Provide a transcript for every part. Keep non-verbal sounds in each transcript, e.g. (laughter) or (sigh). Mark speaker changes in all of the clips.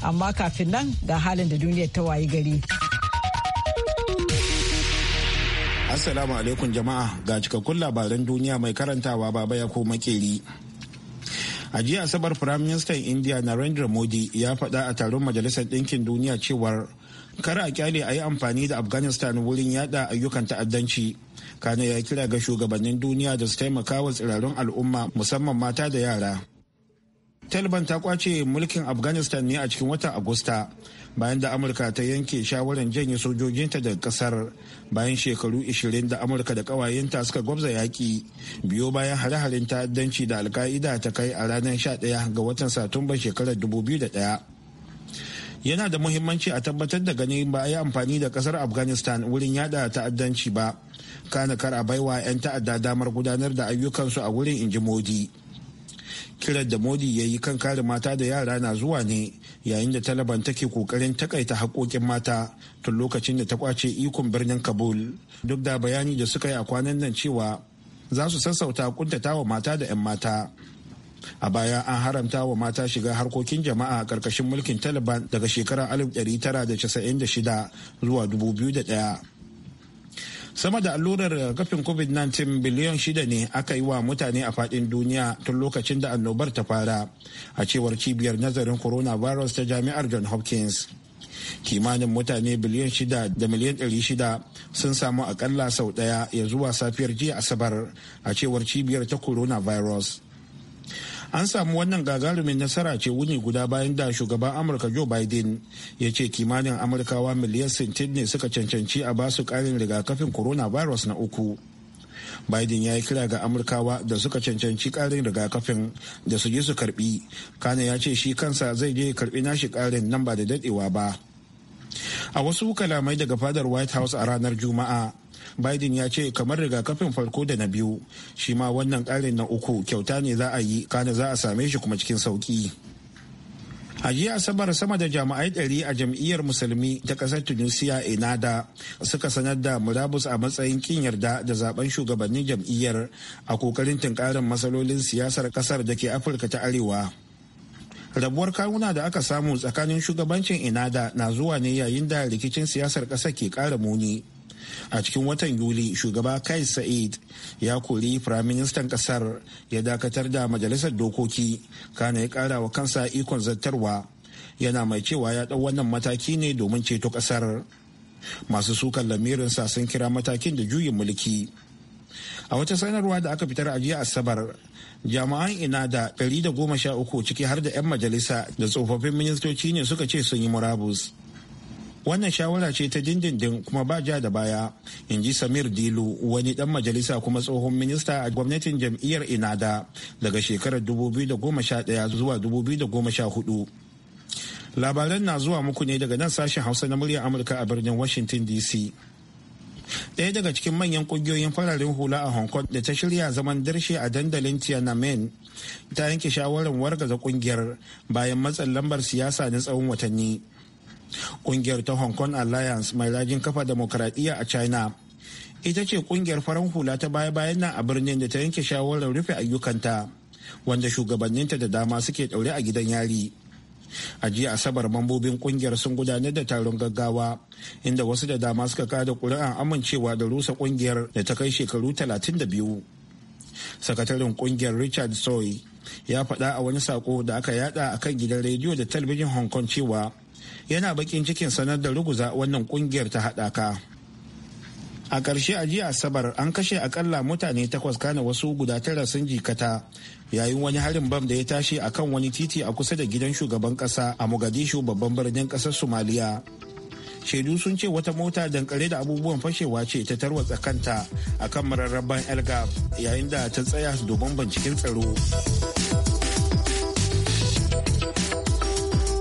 Speaker 1: amma kafin nan ga halin da duniyar ta wayi gari.
Speaker 2: Assalamu alaikum jama'a ga cikakkun labaran duniya mai karantawa baba ya ko makeri. A jiya Asabar Prime Minister India Narendra Modi ya faɗa a taron Majalisar Ɗinkin Duniya cewar kara a kyale a yi amfani da Afghanistan wurin yada ayyukan ta'addanci. Kano ya kira ga shugabannin duniya da su taimaka wa tsirarun al'umma musamman mata da yara. taliban ta kwace mulkin afghanistan ne a cikin watan agusta bayan da amurka ta yanke shawarar janye sojojinta daga kasar bayan shekaru 20 da amurka da kawayenta suka gwabza yaƙi biyo bayan hare-haren ta'addanci da alka'ida ta kai a ranar 11 ga watan satumba shekarar 2001 yana da muhimmanci a tabbatar da ganin ba a yi amfani da kasar afghanistan wurin yada ta'addanci ba kana kar a baiwa 'yan ta'adda damar gudanar da ayyukansu a wurin inji modi kiran da modi ya yi kan kare mata da yara na zuwa ne yayin da taliban take kokarin takaita haƙoƙin mata tun lokacin da ta kwace ikon birnin kabul duk da bayani da suka yi a kwanan nan cewa za su sassauta kuntata wa mata da 'yan mata a baya an haramta wa mata shiga harkokin jama'a a ƙarƙashin mulkin taliban daga shekarar 1996 zuwa 2001 sama da allurar kafin covid-19 biliyan shida ne aka yi wa mutane a fadin duniya tun lokacin da annobar ta fara a cewar cibiyar nazarin coronavirus ta jami'ar john hopkins kimanin mutane biliyan shida da miliyan ɗari shida sun samu akalla sau ɗaya ya zuwa safiyar jiya asabar a cewar cibiyar ta coronavirus an samu wannan gagarumin nasara ce wuni guda bayan da shugaban amurka joe biden ya ce kimanin amurkawa miliyan sintin ne suka cancanci a basu karin rigakafin corona virus na uku biden ya yi kira ga amurkawa da suka cancanci karin rigakafin da su je su karbi kana ya ce shi kansa zai je karbi nashi karin nan ba da dadewa ba a wasu kalamai daga fadar white house a ranar juma'a biden ya ce kamar rigakafin farko da na biyu shi ma wannan karin na uku kyauta ne za a yi kana za a same shi kuma cikin sauki. a jiya asabar sama da jami'ai ɗari a jam'iyyar musulmi ta ƙasar tunisia inada suka sanar da murabus a matsayin kin yarda da zaben shugabannin jam'iyyar a kokarin tunkarin matsalolin siyasar ƙasar da ke afirka ta arewa rabuwar kawuna da aka samu tsakanin shugabancin inada na zuwa ne yayin da rikicin siyasar ƙasar ke ƙara muni a cikin watan yuli shugaba kai sa'id ya kori firaministan kasar ya dakatar da majalisar dokoki kana ya kara wa kansa ikon zartarwa yana mai cewa ya ɗau wannan mataki ne domin ceto kasar masu sukan lamirinsa sun kira matakin da juyin mulki a wata sanarwa da aka fitar a jiya asabar jami'an ina da 113 ciki har da 'yan majalisa da tsofaffin ministoci ne suka ce sun yi murabus wannan shawara ce ta dindindin kuma ba ja da baya in ji samir dilu wani dan majalisa kuma tsohon minista a gwamnatin jam'iyyar inada daga shekarar 2011 zuwa 2014 labaran na zuwa muku ne daga nan sashen hausa na muryar amurka a birnin washington dc ɗaya daga cikin manyan ƙungiyoyin fararen hula a hong kong da ta shirya zaman darshe a dandalin tiananmen ta yanke shawarar wargaza ƙungiyar bayan matsin lambar siyasa na tsawon watanni Ƙungiyar ta Hong Kong Alliance mai rajin kafa demokradiyya a China. Ita ce ƙungiyar farin hula ta baya-bayan nan a birnin da ta yanke shawarar rufe ayyukanta, wanda shugabanninta da dama suke daure a gidan yari. A jiya Asabar mambobin kungiyar sun gudanar da taron gaggawa inda wasu da dama suka kada kuri'an amincewa da rusa kungiyar da ta kai shekaru 32. Sakataren kungiyar Richard Soy ya faɗa a wani sako da aka yada a kan gidan rediyo da talabijin Hong Kong cewa yana bakin cikin sanar da ruguza wannan kungiyar ta haɗaka a ƙarshe a jiya asabar an kashe akalla mutane takwas kana wasu guda tara sun jikata yayin wani harin bam da ya tashi a kan wani titi a kusa da gidan shugaban ƙasa a mogadishu babban birnin ƙasar somaliya shaidu sun ce wata mota dankare da abubuwan fashewa ce ta tarwatsa kanta akan mararraban elgab yayin da ta tsaya domin binciken tsaro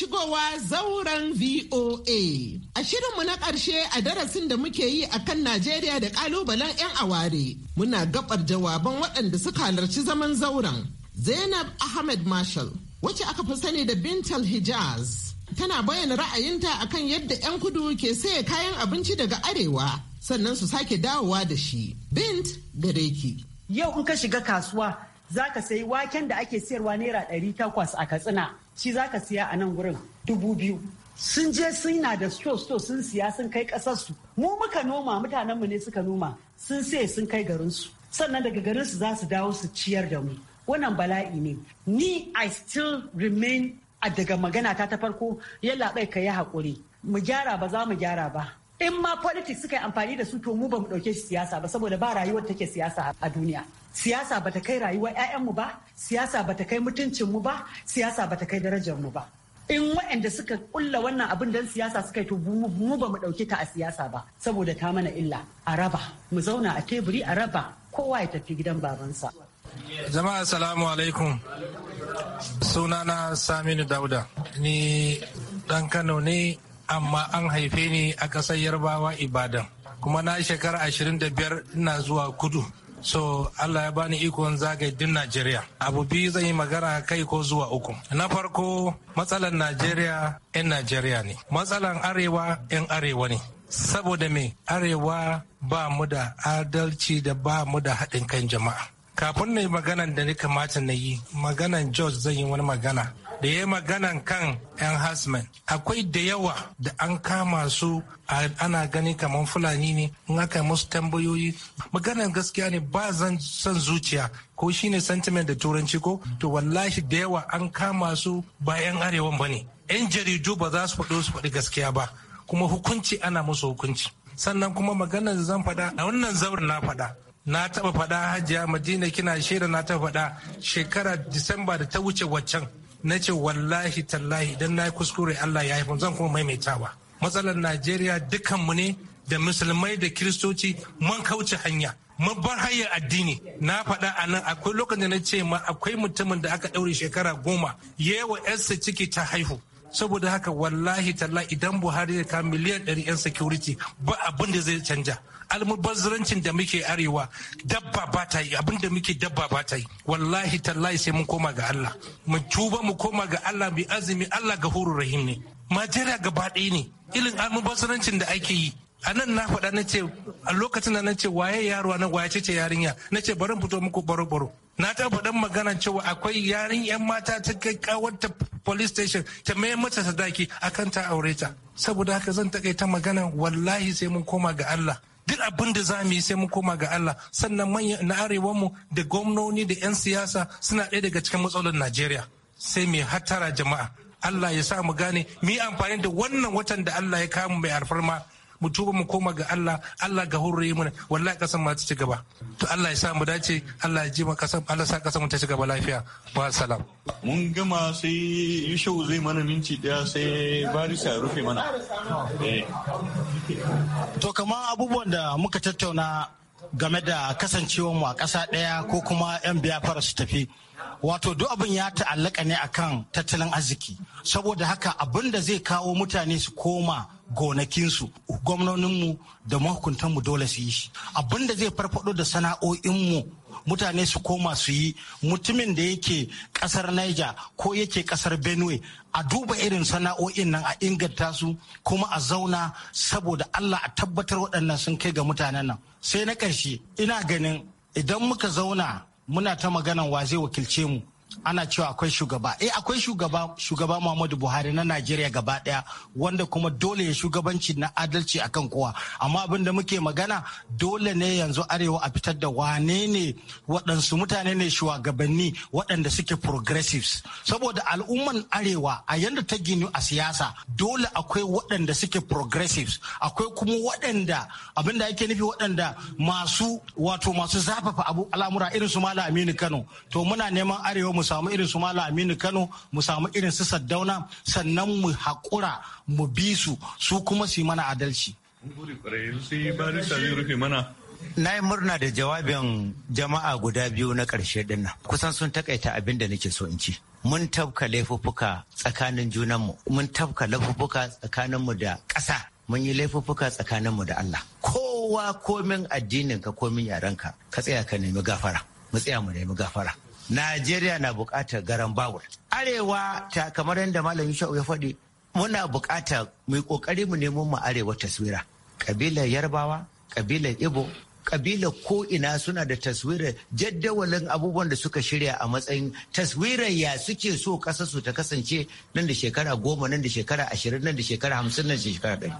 Speaker 3: shigowa zauren VOA. A shirinmu na ƙarshe a darasin da muke yi a kan Najeriya da ƙalubalen 'yan aware, muna gabar jawaban waɗanda suka halarci zaman zauren. Zainab Ahmed Marshall, wacce aka fi sani da Bintal Hijaz, tana bayyana ra'ayinta akan yadda 'yan kudu ke saye kayan abinci daga arewa, sannan su sake dawowa da shi. Bint gare ki. Yau in ka shiga kasuwa, za ka sayi waken da ake sayarwa naira ɗari
Speaker 1: takwas a katsina shi za ka siya a nan gurin dubu biyu sun je suna da sto-sto sun siya sun kai kasarsu mu muka noma mutanenmu ne suka noma sun sai sun kai garinsu sannan daga garinsu za su dawo su ciyar da mu wannan bala'i ne ni i still remain a daga magana ta ta farko yalla bai ka yi hakuri. mu gyara ba za mu gyara ba in ma politics suka yi amfani da su to mu ba mu ɗauke siyasa ba saboda ba rayuwar take siyasa a duniya siyasa ba ta kai rayuwar 'ya'yanmu ba siyasa ba ta kai mutuncinmu ba siyasa ba ta kai darajarmu ba in waɗanda suka kulla wannan abin don siyasa suka yi to mu ba mu ɗauke ta a siyasa ba saboda ta mana illa a raba mu zauna a teburi a raba kowa ya tafi gidan babansa
Speaker 4: jama'a salamu alaikum sunana saminu dauda ni dan kano ne amma an haife ni a ƙasar yarbawa ibadan kuma na shekara 25 ina zuwa kudu so allah ya bani ikon zagaye din najeriya abu biyu zan yi magana kai ko zuwa uku na farko matsalan najeriya 'yan najeriya ne matsalan arewa 'yan arewa ne saboda me arewa ba mu da adalci da ba mu da haɗin kan jama'a kafin na yi maganan da ni kamata na yi maganan george zan yi wani magana da ya maganan kan yan hasmen. akwai da yawa da an kama su ana gani kamar fulani ne in aka musu tambayoyi maganan gaskiya ne ba zan son zuciya ko shine sentiment da turanci ko to wallahi da yawa an kama su bayan arewan ba ne yan jaridu ba za su faɗo su faɗi gaskiya ba kuma hukunci ana musu hukunci sannan kuma maganar da zan faɗa a wannan zaurin na faɗa na taba faɗa hajiya madina kina shaida na taba faɗa shekara disamba da ta wuce waccan na ce wallahi tallahi idan na yi kuskure Allah ya haifar, zan kuma maimaitawa matsalar Najeriya dukanmu ne da musulmai da kiristoci man kauce hanya Mun bar hanyar addini na faɗa a nan akwai lokacin da na ce ma akwai mutumin da aka ɗaure shekara goma Yawa yarsa ciki ta haihu saboda haka wallahi talla idan buhari ya ka miliyan ɗari yan security ba abin da zai canja almubazirancin da muke arewa dabba ba ta yi abin da muke dabba ba ta yi wallahi tallahi sai mun koma ga allah mu tuba mu koma ga allah mai azumi allah ga rahim ne majira gaba ɗaya ne ilin almubazirancin da ake yi a nan na faɗa na ce a lokacin da na ce waye yaruwa na waye ce yarinya na ce barin fito muku baro-baro na ta faɗin magana cewa akwai yarin yan mata ta kai kawarta police station ta mai mata sadaki akan ta aure ta saboda haka zan takaita magana wallahi sai mun koma ga Allah duk abin da zamu yi sai mun koma ga Allah sannan manyan na mu da gwamnoni da 'yan siyasa suna ɗaya daga cikin matsalolin Najeriya sai mai hattara jama'a Allah ya sa mu gane mu yi amfani da wannan watan da Allah ya kamu mai alfarma mu tuba mu koma ga Allah Allah ga hurre mana wallahi kasan ma ta ci gaba to Allah ya sa mu dace Allah ya ji mu kasan Allah sa kasan mu ta ci gaba lafiya wa salam mun
Speaker 5: gama sai shau zai mana minti daya sai barisa ya rufe mana eh. to kamar abubuwan da muka tattauna game da kasancewar mu a ƙasa ɗaya ko kuma 'yan fara su tafi wato duk abin ya ta'allaka ne akan tattalin arziki saboda haka abin da zai kawo mutane su koma gonakinsu gwamnoninmu da mahukuntanmu dole su yi shi abin da zai farfado da sana'o'inmu mutane su koma su yi mutumin da yake kasar niger ko yake kasar benue a duba irin sana'o'in nan a inganta su kuma a zauna saboda allah a tabbatar waɗannan sun kai ga mutanen nan sai na ƙarshe ina ganin idan muka zauna muna ta maganan wa zai wakilce mu ana cewa akwai shugaba eh akwai shugaba shugaba Muhammadu Buhari na Najeriya gaba daya wanda kuma dole ya shugabanci na adalci a kan kowa amma abin muke magana dole ne yanzu arewa a fitar da wane ne waɗansu mutane ne shugabanni waɗanda suke progressives saboda al'umman arewa a yanda ta ginu a siyasa dole akwai waɗanda suke progressives akwai kuma waɗanda abin da ake nufi waɗanda masu wato masu zafafa abu al'amura irin su Malam Aminu Kano to muna neman arewa mu samu irin su Malam Aminu Kano mu samu irin su Saddauna sannan mu haƙura mu bi su su kuma
Speaker 6: su yi mana adalci. Na yi murna da jawabin jama'a guda biyu na ƙarshe din nan. Kusan sun takaita abin da nake so in ci. Mun tabka laifuffuka tsakanin junanmu, mun tabka laifuffuka tsakaninmu da ƙasa, mun yi laifuffuka tsakaninmu da Allah. Kowa komin addininka komin yarenka, ka tsaya ka nemi gafara. Mu tsaya mu nemi gafara. Najeriya na buƙatar garan bawul. Arewa ta kamar yadda Malam Sha'u ya faɗi muna buƙatar mu yi ƙoƙari mu neman mu arewa taswira. Kabilar Yarbawa, kabilar Ibo, kabila ko ina suna da taswirar jaddawalin abubuwan da suka shirya a matsayin taswirar ya suke so kasa su ta kasance nan da shekara goma nan da shekara ashirin nan da shekara hamsin nan da shekara ɗari.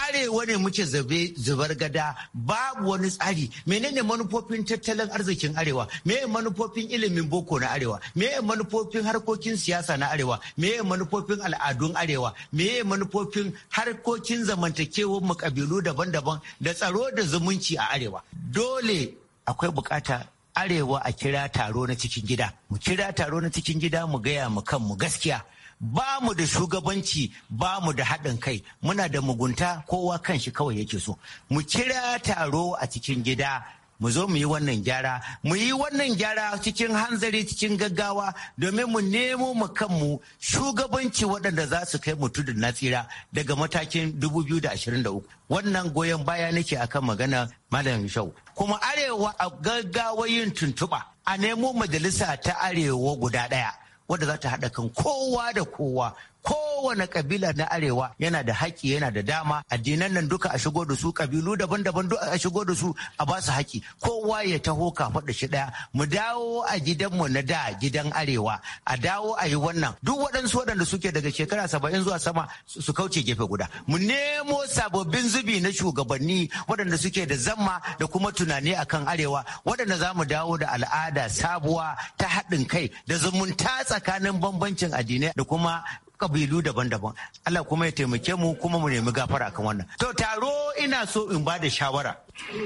Speaker 6: Arewa ne muke zubar gada babu wani tsari menene manufofin tattalin arzikin arewa meye manufofin ilimin boko na arewa meye manufofin harkokin siyasa na arewa meye manufofin al'adun arewa meye manufofin harkokin zamantakewar mu kabilu daban-daban da tsaro da zumunci a arewa dole akwai bukata arewa a kira taro na cikin gida mu kira taro na cikin gida mu gaya mu kan mu gaskiya ba mu da shugabanci ba mu da haɗin kai muna da mugunta kowa kan shi kawai yake so mu kira taro a cikin gida mu zo mu yi wannan gyara mu yi wannan gyara cikin hanzari cikin gaggawa domin mu nemo mu kanmu shugabanci waɗanda za su kai mutu da natsira daga matakin 2023 wannan goyon baya nake akan magana malam shau kuma arewa a gaggawa yin tuntuɓa a nemo majalisa ta arewa guda ɗaya wadda za ta haɗa kan kowa da kowa kowane kabila na arewa yana da haƙƙi yana da dama addinan nan duka a shigo da su kabilu daban-daban a shigo da su a ba su haƙƙi kowa ya taho kafaɗa shi daya mu dawo a gidanmu na da gidan arewa a dawo a yi wannan duk waɗansu waɗanda suke daga shekara saba'in zuwa sama su kauce gefe guda mu nemo sababbin zubi na shugabanni waɗanda suke da zamma da kuma tunani akan arewa waɗanda za mu dawo da al'ada sabuwa ta haɗin kai da zumunta tsakanin bambancin addinai da kuma kabilu daban-daban Allah kuma ya taimake mu kuma mu nemi gafara akan wannan to taro ina so in ba da shawara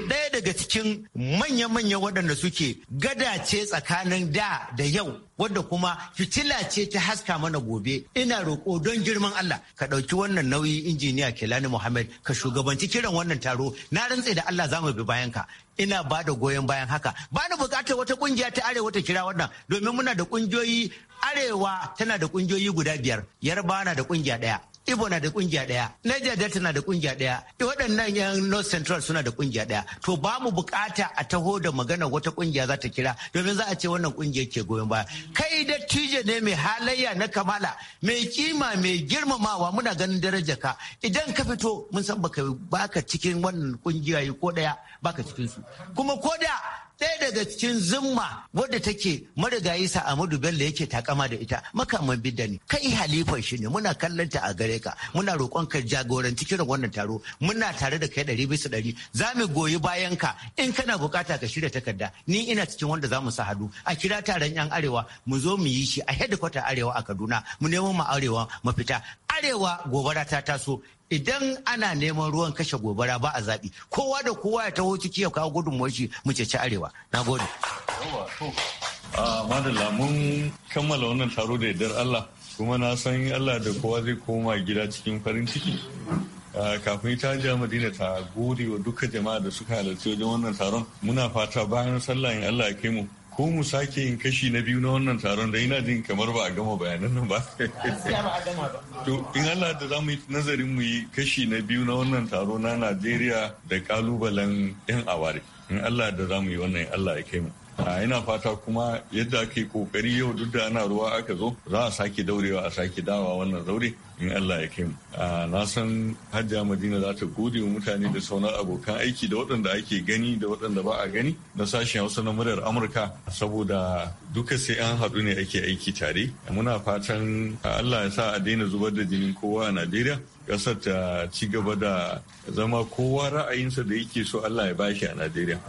Speaker 6: ɗaya daga cikin manya manya waɗanda suke gadace tsakanin da da yau wadda kuma fitila ce ta haska mana gobe ina roƙo don girman Allah ka ɗauki wannan nauyi injiniya Kelani Muhammad ka shugabanci kiran wannan taro na rantse da Allah za mu bi bayanka ina ba da goyon bayan haka ba ni bukatar wata kungiya ta arewa ta kira wannan domin muna da kungiyoyi arewa tana da kungiyoyi guda biyar yarbawa na da kungiya daya Ibo na da kungiya daya, Niger Delta na da kungiya daya, waɗannan yan North Central suna da kungiya daya. To ba mu bukata a taho da magana wata kungiya za ta kira domin za a ce wannan kungiya ke goyon baya. Kai da tije ne mai halayya na kamala, mai kima mai girmamawa muna ganin daraja ka. Idan ka fito mun san baka baka cikin wannan kungiya ko daya baka cikin su. Kuma ko da ɗaya daga cikin zimma wadda take marigayi sa Amadu Bello yake takama da ita makaman bidda ne kai halifan shi ne muna kallon ta a gare ka muna roƙon ka jagoranci kiran wannan taro muna tare da kai ɗari bisa ɗari za mu goyi bayan ka in kana bukata ka shirya takarda ni ina cikin wanda za mu sa hadu a kira taron yan arewa mu zo mu yi shi a hedikwatar arewa a Kaduna mu nemo ma arewa mafita arewa gobara ta taso idan ana neman ruwan kashe gobara ba a zaɓi kowa da kowa ya taho ciki ya kawo gudun shi muke ci arewa na gode
Speaker 7: madalla mun kammala wannan taro da yardar allah kuma na san allah da kowa zai koma gida cikin farin ciki kafin ita ja madina ta gode wa duka jama'a da suka halarci wajen wannan taron muna fata bayan sallah in allah ya kai mu ko mu sake yin kashi na biyu na wannan taron da ina jin kamar ba a gama bayanan nan ba. To in Allah da za mu yi nazarin mu yi kashi na biyu na wannan taro na Najeriya da kalubalen 'yan aware. In Allah da za mu yi wannan Allah ya kai mu. a ina fata kuma yadda ake kokari yau duk da ana ruwa aka zo za a sake daurewa a sake dawa wannan zaure in Allah ya kai mu na san hajja madina za ta gode wa mutane da sauran abokan aiki da waɗanda ake gani da waɗanda ba a gani na sashen hausa na muryar amurka saboda duka sai an haɗu ne ake aiki tare muna fatan Allah ya sa a daina zubar da jinin kowa a najeriya ƙasar ta ci gaba da zama kowa ra'ayinsa da yake so Allah ya bashi a Najeriya.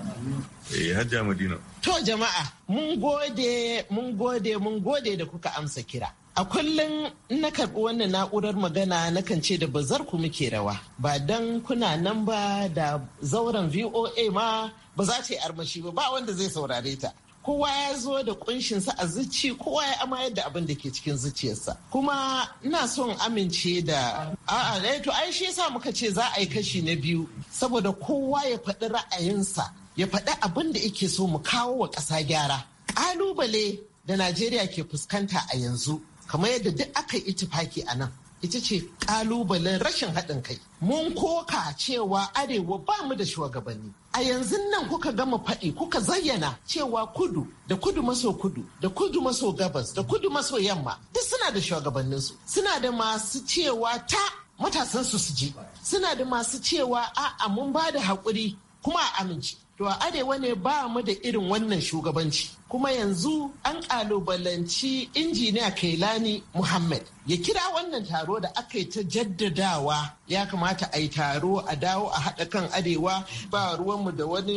Speaker 7: Eh Hajja Madina.
Speaker 3: To jama'a mun gode mun gode mun gode da kuka amsa kira. A kullum na karɓi wannan na'urar magana na ce da bazar ku muke rawa ba dan kuna nan ba da zauren VOA ma ba za ta yi armashi ba ba wanda zai saurare ta. kowa ya zo da kunshinsa a zuci kowa ya amayar da abin da ke cikin zuciyarsa kuma ina son amince da a'a dai eh, to ai shi yasa muka ce za a yi kashi na biyu saboda kowa ya faɗi ra'ayinsa ya faɗi abin da yake so mu kawo wa ƙasa gyara ƙalubale da najeriya ke fuskanta a yanzu kamar yadda duk aka yi itifaki a nan ita ce kalubalen rashin haɗin kai. Mun koka cewa arewa ba mu da shugabanni. A yanzu nan kuka gama faɗi kuka zayyana cewa kudu da kudu maso kudu da kudu maso gabas da kudu maso yamma duk suna da shugabanninsu. Suna da masu cewa ta matasansu su ji. Suna da masu cewa a'a mun ba da haƙuri kuma a amince to a arewa ne ba mu da irin wannan shugabanci kuma yanzu an kalubalanci injiniya kailani muhammad ya kira wannan taro da aka yi ta jaddadawa ya kamata a yi taro a dawo a haɗa kan arewa ba ruwanmu da wani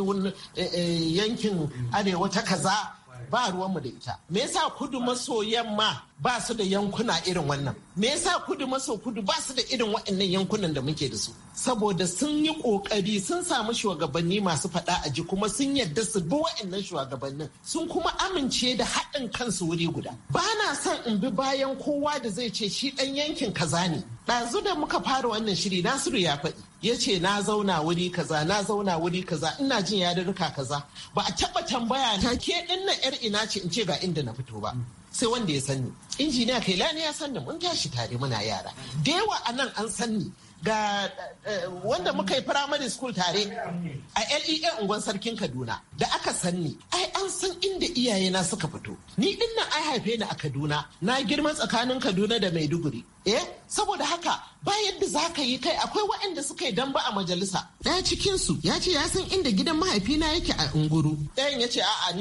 Speaker 3: eh, eh, yankin arewa ta kaza ba ruwanmu da ita me yasa kudu maso yamma ba su da yankuna irin wannan me yasa kudu maso kudu ba su da irin waɗannan yankunan da muke da su saboda sun yi kokari sun samu shugabanni masu faɗa a ji kuma sun yadda su bi waɗannan shugabannin sun kuma amince da haɗin kansu wuri guda ba na son in bi bayan kowa da zai ce shi ɗan yankin kaza ne ɗazu da muka fara wannan shiri nasiru ya faɗi ya ce na zauna wuri kaza na zauna wuri kaza ina jin yarurruka kaza ba a taba tambaya ta ke na yar ina ce in ce ga inda na fito ba sai wanda ya sani injiniya kai lani ya sanni mun tashi tare muna yara da yawa a an sanni Ga eh, wanda muka yi primary school tare a lea unguwar sarkin kaduna da aka sanni ai an san inda iyayena suka fito ni din nan ai haife ni a kaduna na girma tsakanin kaduna da maiduguri eh saboda haka ba yadda za ka yi kai akwai waɗanda suka yi damba a majalisa ɗaya cikinsu ya ce ya san inda gidan mahaifina yake a unguru ɗayan ya ce a'a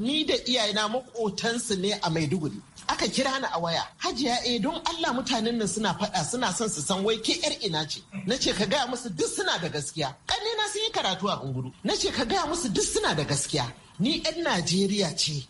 Speaker 3: ni da iyayena makotansu ne a maiduguri aka kira ni a waya hajiya eh don Allah mutanen nan suna faɗa suna son su san wai ke yar ina ce na ce ka gaya musu duk suna da gaskiya ƙannena sun yi karatu a unguru na ce ka gaya musu duk suna da gaskiya ni yan Najeriya ce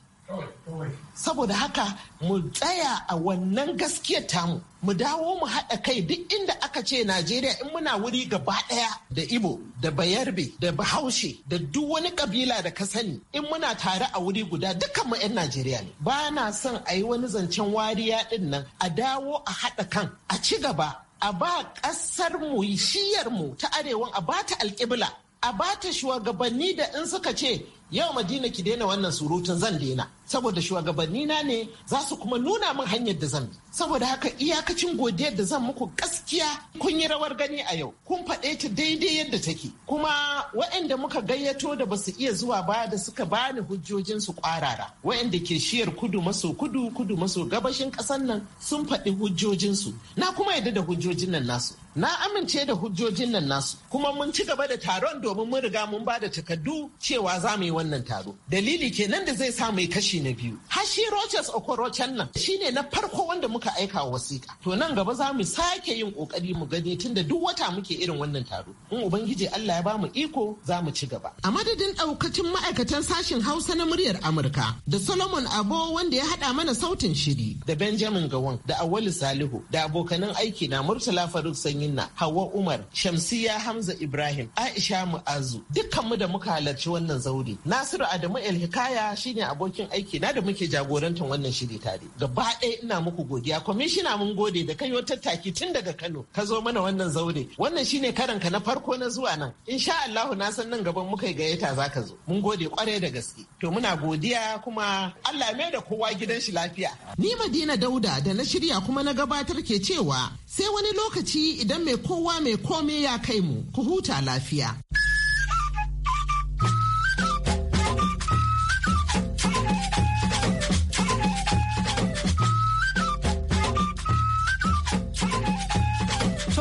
Speaker 3: saboda haka mu tsaya a wannan gaskiyar tamu mu dawo mu haɗa kai duk inda aka ce najeriya in muna wuri gaba ɗaya da ibo da bayarbe da bahaushe da duk wani kabila da ka sani in muna tare a wuri guda dukkan mu 'yan najeriya ne ba na son a yi wani zancen wariya ɗin nan a dawo a haɗa kan a ci gaba a ba ƙasar mu shiyar mu ta arewan a ba ta alƙibla a ba ta shugabanni da in suka ce yau madina ki daina wannan surutun zan daina saboda shugabanni na ne za su kuma nuna min hanyar da zan bi saboda haka iyakacin godiyar da zan muku gaskiya kun yi rawar gani a yau kun faɗe ta daidai yadda take kuma waɗanda muka gayyato da basu iya zuwa ba da suka bani hujjojin su kwarara waɗanda ke shiyar kudu maso kudu kudu maso gabashin ƙasar nan sun faɗi hujjojin su na kuma yadda da hujjojin nan nasu na amince da hujjojin nan nasu kuma mun ci gaba da taron domin mun riga mun ba da takardu cewa za mu yi wannan taro dalili nan da zai sa mai kashi na biyu hashi Rochas Okorochan nan Shi ne na farko wanda muka aika wa wasiƙa to nan gaba za mu sake yin ƙoƙari mu gani tunda duk wata muke irin wannan taro in ubangiji Allah ya bamu iko za mu ci gaba a madadin daukacin ma'aikatan sashen Hausa na muryar Amurka da Solomon Abo wanda ya haɗa mana sautin shiri da Benjamin Gawon da Awali Salihu da abokanan aiki na Murtala Faruk Sanyinna Hawa Umar Shamsiya Hamza Ibrahim Aisha Mu'azu dukkan mu da muka halarci wannan zauri Nasiru Adamu El Hikaya shine abokin aiki na da muke jagorantar wannan shiri tare. Gaba ɗaya ina muku godiya. Kwamishina mun gode da kayo tattaki tun daga Kano ka zo mana wannan zaure. Wannan shine karanka na farko na zuwa nan. Insha Allahu na san nan gaban muka gayyata ka zo. Mun gode kwarai da gaske. To muna godiya kuma Allah mai da kowa gidan shi lafiya. Ni Madina Dauda da na shirya kuma na gabatar ke cewa sai wani lokaci idan mai kowa mai kome ya kai mu ku huta lafiya.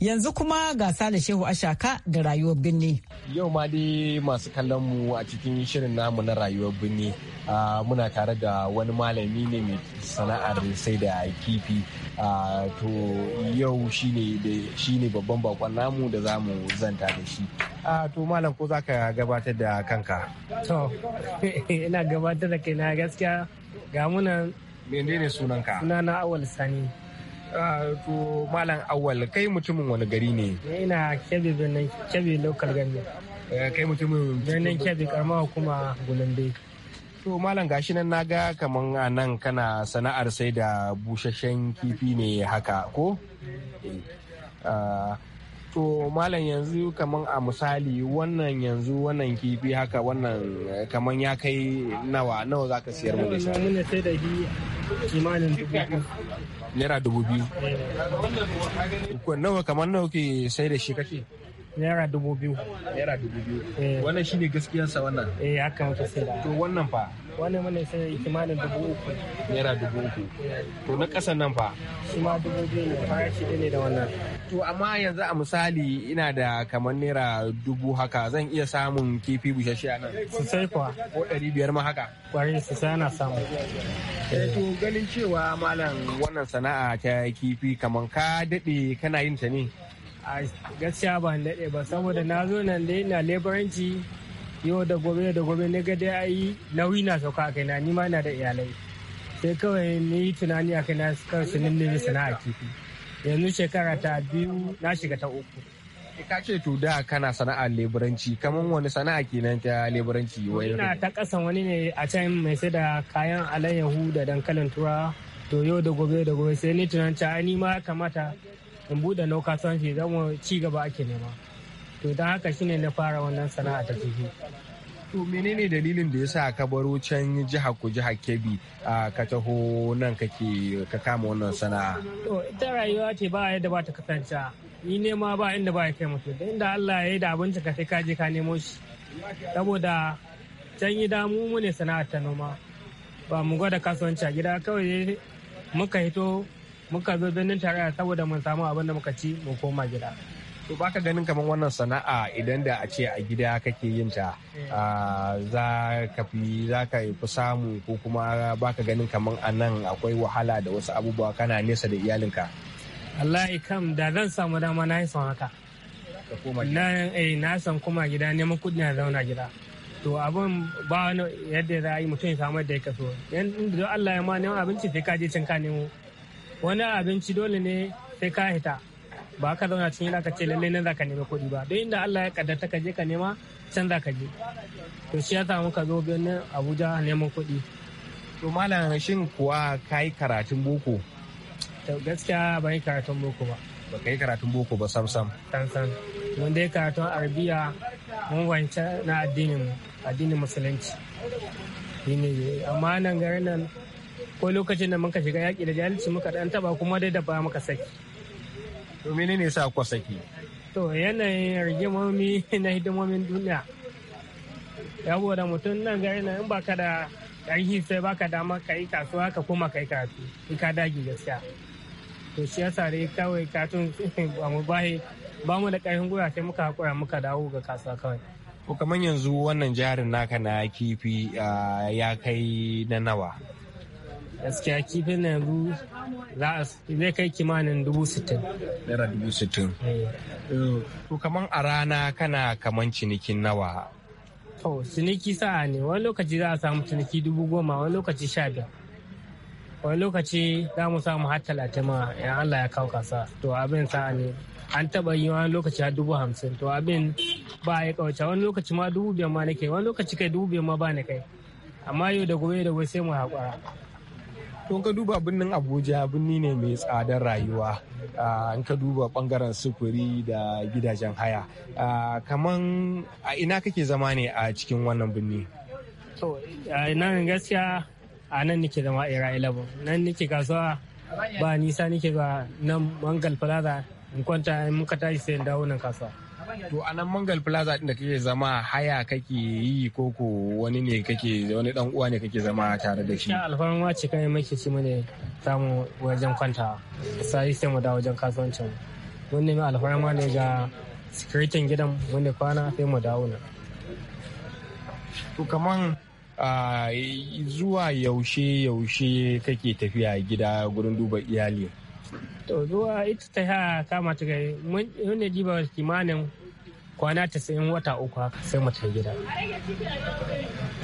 Speaker 1: Yanzu kuma ga Sale Shehu
Speaker 8: Ashaka da rayuwar birni. Yau ma dai masu kallon mu a cikin shirin namu na rayuwar birni muna tare da wani malami ne mai sana'ar sai da kifi. To yau shi ne babban bakon namu da za mu zanta da shi.
Speaker 9: To malam ko za ka gabatar da kanka? To, (laughs) ina gabatar da kaina gaskiya ga munan. Menene sunanka? Sunana Awal Sani. to
Speaker 8: malam awal kai mutumin wani gari
Speaker 9: ne eh, ina kebe birnin kebe local government eh, kai mutumin birnin kebe karama hukuma gulunde
Speaker 8: to malam gashi nan naga kaman a nan kana sana'ar sai da busasshen kifi ne haka ko eh, ah, to malam yanzu kaman a misali wannan yanzu wannan kifi haka wannan kaman ya kai nawa nawa zaka siyar mu da shi kimanin dubu biyu naira dubu biyu nawa kamar nawa ke sai da shi kake naira dubu biyu naira dubu biyu eh. wannan shi ne gaskiyarsa wannan eh haka muke sai da to wannan fa wani mana sai kimanin dubu uku naira dubu uku to na kasan nan fa
Speaker 9: shi ma dubu biyu ne fara shi ne da wannan
Speaker 8: to amma yanzu a misali ina da kamar naira dubu haka zan iya samun kifi bushashe a nan Su sai kuwa ko ɗari biyar
Speaker 9: ma haka kwarai sai ana samu
Speaker 8: eh, to ganin cewa malam wannan sana'a ta kifi kamar ka daɗe kana yin ta ne
Speaker 9: a gaskiya ban daɗe ba saboda na zo nan dai na leburanci yau da gobe da gobe ne ga dai ai nauyi na sauka a kaina ni ma ina da iyalai sai kawai ni yi tunani a kaina kan su nemi sana'a kifi yanzu shekara ta biyu na shiga ta uku eh, ka ce
Speaker 8: to da kana sana'ar leburanci kaman wani sana'a kenan ta leburanci wai ina
Speaker 9: ta kasan wani ne a can mai sai da kayan alayyahu da dankalin tura to yau da gobe da gobe sai ni tunanci ai ni ma kamata in bude nau kasuwanci zan ci gaba ake nema to don haka shine na fara wannan sana'a ta fifi to menene dalilin da ya sa ka
Speaker 8: baro can jiha ku jiha kebbi ka taho nan kake ka kama wannan
Speaker 9: sana'a to ita rayuwa ce ba yadda ba ta kasance ni ne ma ba inda ba ya kai mutum da inda Allah ya yi da abinci ka sai ka je ka nemo shi saboda can yi damu mu ne sana'ar ta noma ba mu gwada kasuwanci a gida kawai muka hito muka zo birnin tarayya saboda mun samu abin da muka ci mu koma gida to baka ganin kamar wannan
Speaker 8: sana'a idan da a ce a gida kake yin ta eh. ah, za ka fi za ka fi samu ko kuma baka ganin kamar a nan akwai wahala da wasu abubuwa kana nesa da iyalinka
Speaker 9: Allah kam da zan samu dama na yi son haka na eh, san kuma gida neman kudi na zauna gida to abin ba wani yadda za a yi mutum ya samu yadda ya kaso yan da Allah ya ma neman abinci sai ka je cin ka nemo wani abinci dole ne sai ka hita ba ka zauna cikin ka ce lallai nan za ka nemi kuɗi ba don inda Allah ya kaddarta ka je ka nema can za ka je to shi ya samu muka zo birnin Abuja neman kuɗi to malam shin kuwa kai karatun boko to gaskiya ba yi karatun boko ba
Speaker 8: ba kai karatun boko ba sam sam
Speaker 9: san san mun dai karatun arabiya mun wance na addinin addinin musulunci amma nan garin nan ko lokacin da muka shiga yaƙi da jahilci muka dan taba kuma dai da ba muka saki to menene sa ku saki to yanayin rigimomi (laughs) na hidimomin duniya da mutum nan gari na in baka da ƙarfi sai baka dama ka yi kasuwa ka koma ka yi karatu in ka dagi gaskiya to shi ya sare kawai katun (laughs) ba mu ba mu da ƙarfin gwiwa sai muka haƙura muka dawo ga kasuwa kawai
Speaker 8: ko kamar yanzu wannan jarin naka na kifi ah, ya kai na nawa gaskiya kifin na yanzu za zai kai kimanin dubu sittin naira dubu sittin eh. Eh, to kaman a rana kana kaman cinikin nawa
Speaker 9: to ciniki sa'a ne wani lokaci za a samu ciniki dubu goma wani lokaci sha biyar wani lokaci za mu samu har talatin ma in Allah ya kawo kasa to abin sa'a ne an taba yi wani lokaci har dubu hamsin to abin ba ya kawace wani lokaci ma dubu biyar ma nake wani lokaci kai dubu biyar ma ba ni kai amma yau da gobe da gobe sai mu haƙura don ka duba birnin abuja birni ne
Speaker 8: mai tsadar rayuwa in ka duba bangaren sufuri da gidajen haya kaman a ina kake zama ne a cikin wannan birni to
Speaker 9: nan gaskiya a nan nake zama a ira 11 nan nake kasuwa ba nisa nake ba nan mangal plaza in kwanta in muka tashi sai in dawo nan kasuwa
Speaker 8: To a nan Mangal Plaza din da kake zama haya kake yi ko wani ne kake wani dan uwa ne kake zama tare da shi.
Speaker 9: Alfarma ce kai muke ci mune samu wajen kwanta. Sai sai mu da wajen kasuwancin. Wanne mai alfarma ne ga sikiritin gidan wanda kwana sai mu dawo na. To kaman
Speaker 8: zuwa yaushe yaushe kake tafiya gida gurin duba iyali.
Speaker 9: To zuwa ita ta kama ta kai mun ne diba kimanin kwana tasa'in wata uku haka sai mu ta gida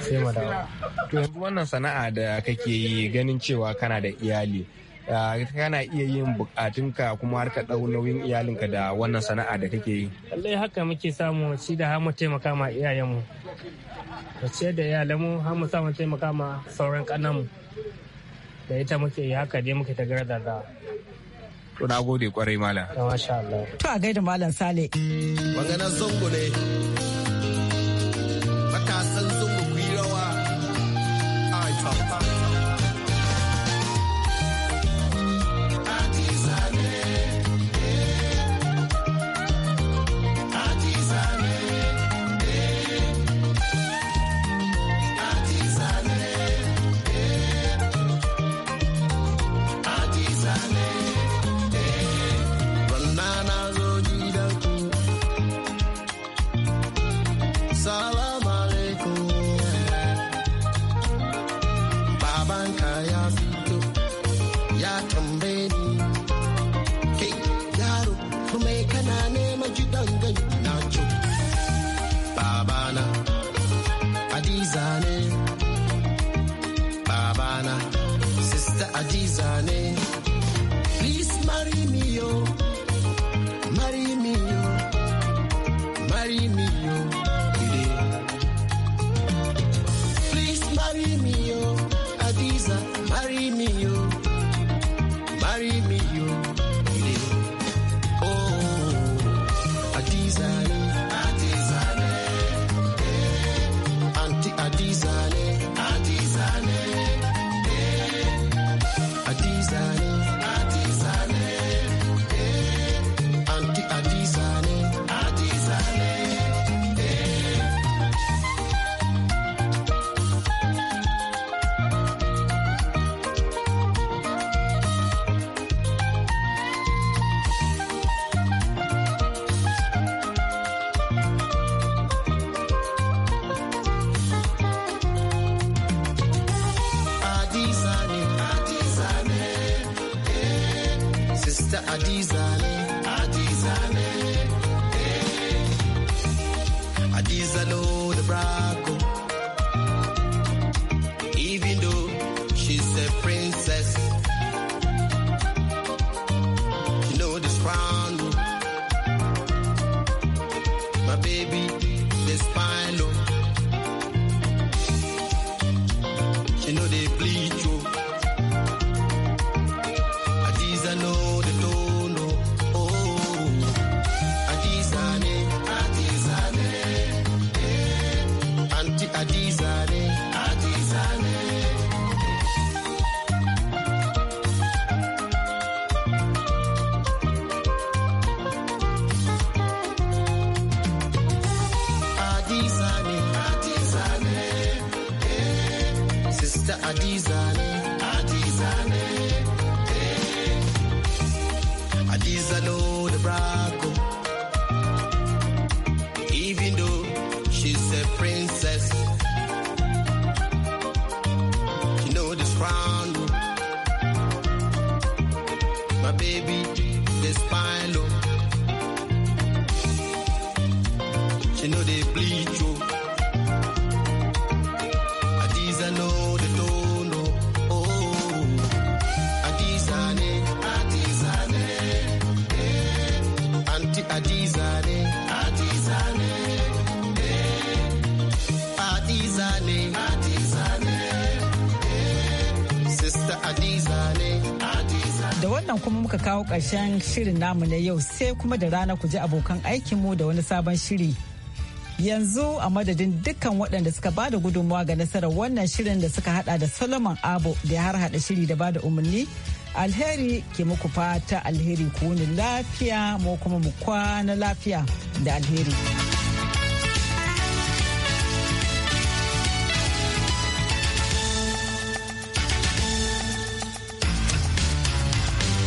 Speaker 9: sai mu dawo
Speaker 8: to yanzu wannan sana'a da kake yi ganin cewa kana da iyali kana iya yin bukatunka kuma har ka ɗau nauyin iyalinka da wannan sana'a da kake yi.
Speaker 9: Lallai haka muke samu shi da har mu taimaka ma iyayenmu. Mu ciyar da iyalanmu har mu samu taimaka ma sauran kananan Da ita muke yi haka dai muke ta da
Speaker 8: To na gode kwarai malam. To
Speaker 9: a gaida malam Sale. Maganar
Speaker 10: zango ne. e no dey bleed. she know they bleach oh. you. Oh. Eh. Eh. Eh. da wannan
Speaker 1: kuma muka kawo ƙarshen shirin namu na yau sai kuma da rana ku ji abokan aikinmu da wani sabon shiri yanzu a madadin dukkan waɗanda suka bada gudunmawa ga nasarar wannan shirin da suka hada da solomon abu da ya har hada shiri da bada umarni alheri ke muku fata alheri ku wuni lafiya mu kuma mu kwana lafiya da alheri.